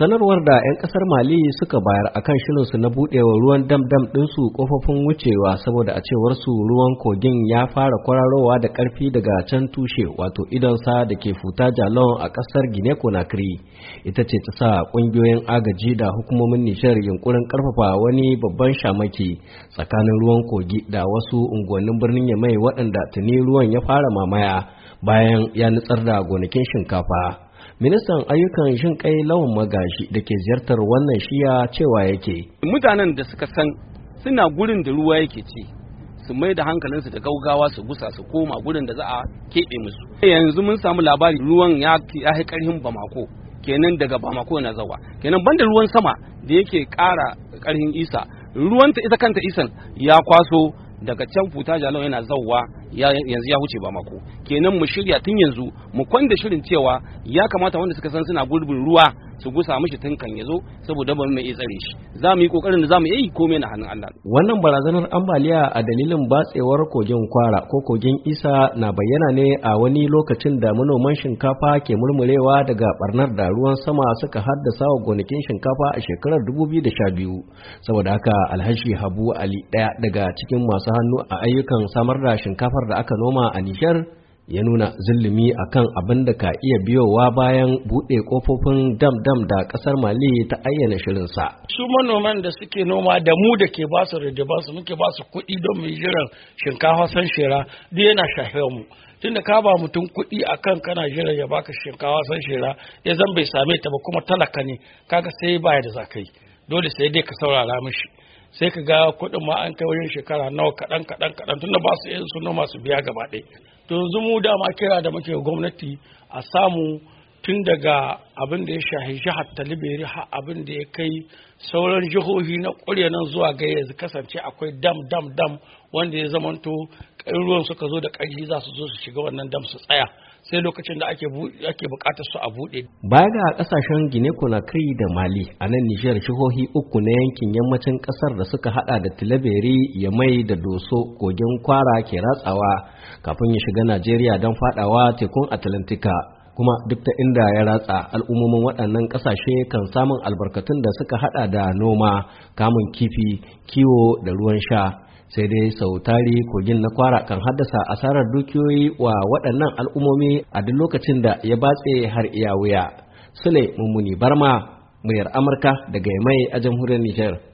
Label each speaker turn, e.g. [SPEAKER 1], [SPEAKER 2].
[SPEAKER 1] sanarwar da 'yan kasar mali suka bayar a kan shirinsu na budewa ruwan dam-dam ɗinsu kofofin wucewa saboda a cewar su ruwan kogin ya fara kwararowa da ƙarfi daga can tushe wato sa da ke futa jalon a ƙasar guinea conakry ita ce ta sa ƙungiyoyin agaji da hukumomin nishar yunkurin ƙarfafa wani babban shamaki tsakanin ruwan kogi da wasu unguwannin birnin yamai waɗanda tuni ruwan ya fara mamaya bayan ya nutsar da gonakin shinkafa ministan ayyukan shin kai lawan magashi da ke ziyartar wannan shiya cewa yake
[SPEAKER 2] mutanen da suka san suna gurin da ruwa yake ci su mai da hankalinsu da gaugawa su gusa su koma gurin da za a keɓe musu yanzu mun samu labari ruwan ya yi karhin bamako kenan daga bamako na zawa kenan banda ruwan sama da yake ƙara karhin isa ruwanta ita kanta isan ya kwaso daga can futa jalon yana zauwa yanzu ya huce ba mako kenan mu shirya tun yanzu mu kwanda shirin cewa ya kamata wanda suka san suna gurbin ruwa su gusa mishi tun kan ya zo saboda ba mai tsare shi za mu yi kokarin da za mu yi komai na hannun Allah
[SPEAKER 1] wannan barazanar ambaliya a dalilin batsewar kogin kwara ko kogin isa na bayyana ne a wani lokacin da manoman shinkafa ke murmurewa daga barnar da ruwan sama suka haddasa wa gonakin shinkafa a shekarar 2012 saboda haka alhashi habu ali daya daga cikin masu hannu a ayyukan samar da shinkafar da aka noma a nishar ya nuna zulumi kan abin da ka iya biyowa bayan buɗe ƙofofin dam-dam da ƙasar mali ta ayyana shirinsa.
[SPEAKER 3] su manoman da suke noma da mu da ke basu da basu muke basu kuɗi don mai jiran shinkafa san shira duk yana shafe mu tunda ka ba mutum kuɗi akan kana jiran ya baka shinkafa san shira ya zan bai same ta ba kuma talaka ne kaga sai baya da zakai dole sai dai ka saurara mishi sai ka ga kuɗin ma an kai wajen shekara nawa kaɗan kaɗan kaɗan tunda ba su yin suna masu biya gaba ɗaya to yanzu mu dama kira da muke gwamnati a samu tun daga abin da ya shahi jihar talibiri har abin da ya kai sauran jihohi na ƙwarya nan zuwa ga yanzu kasance akwai dam dam dam wanda ya zamanto ruwan suka zo da ƙarfi za su zo su shiga wannan dam su tsaya sai lokacin da ake buƙatar su a buɗe
[SPEAKER 1] baya ga ƙasashen Gine Conakry da Mali a nan Nijar jihohi uku na yankin yammacin ƙasar da suka haɗa da ya Yamai da Doso kogin Kwara ke ratsawa kafin ya shiga Najeriya don faɗawa tekun Atlantika kuma duk ta inda ya ratsa al'ummomin waɗannan ƙasashe kan samun albarkatun da suka haɗa da noma kamun kifi kiwo da ruwan sha sai dai sau tari kogin na kwara kan haddasa asarar dukiyoyi wa waɗannan al'ummomi a duk lokacin da ya batse har iya wuya sule mummuni barma muryar amurka daga mai a jamhuriyar nijar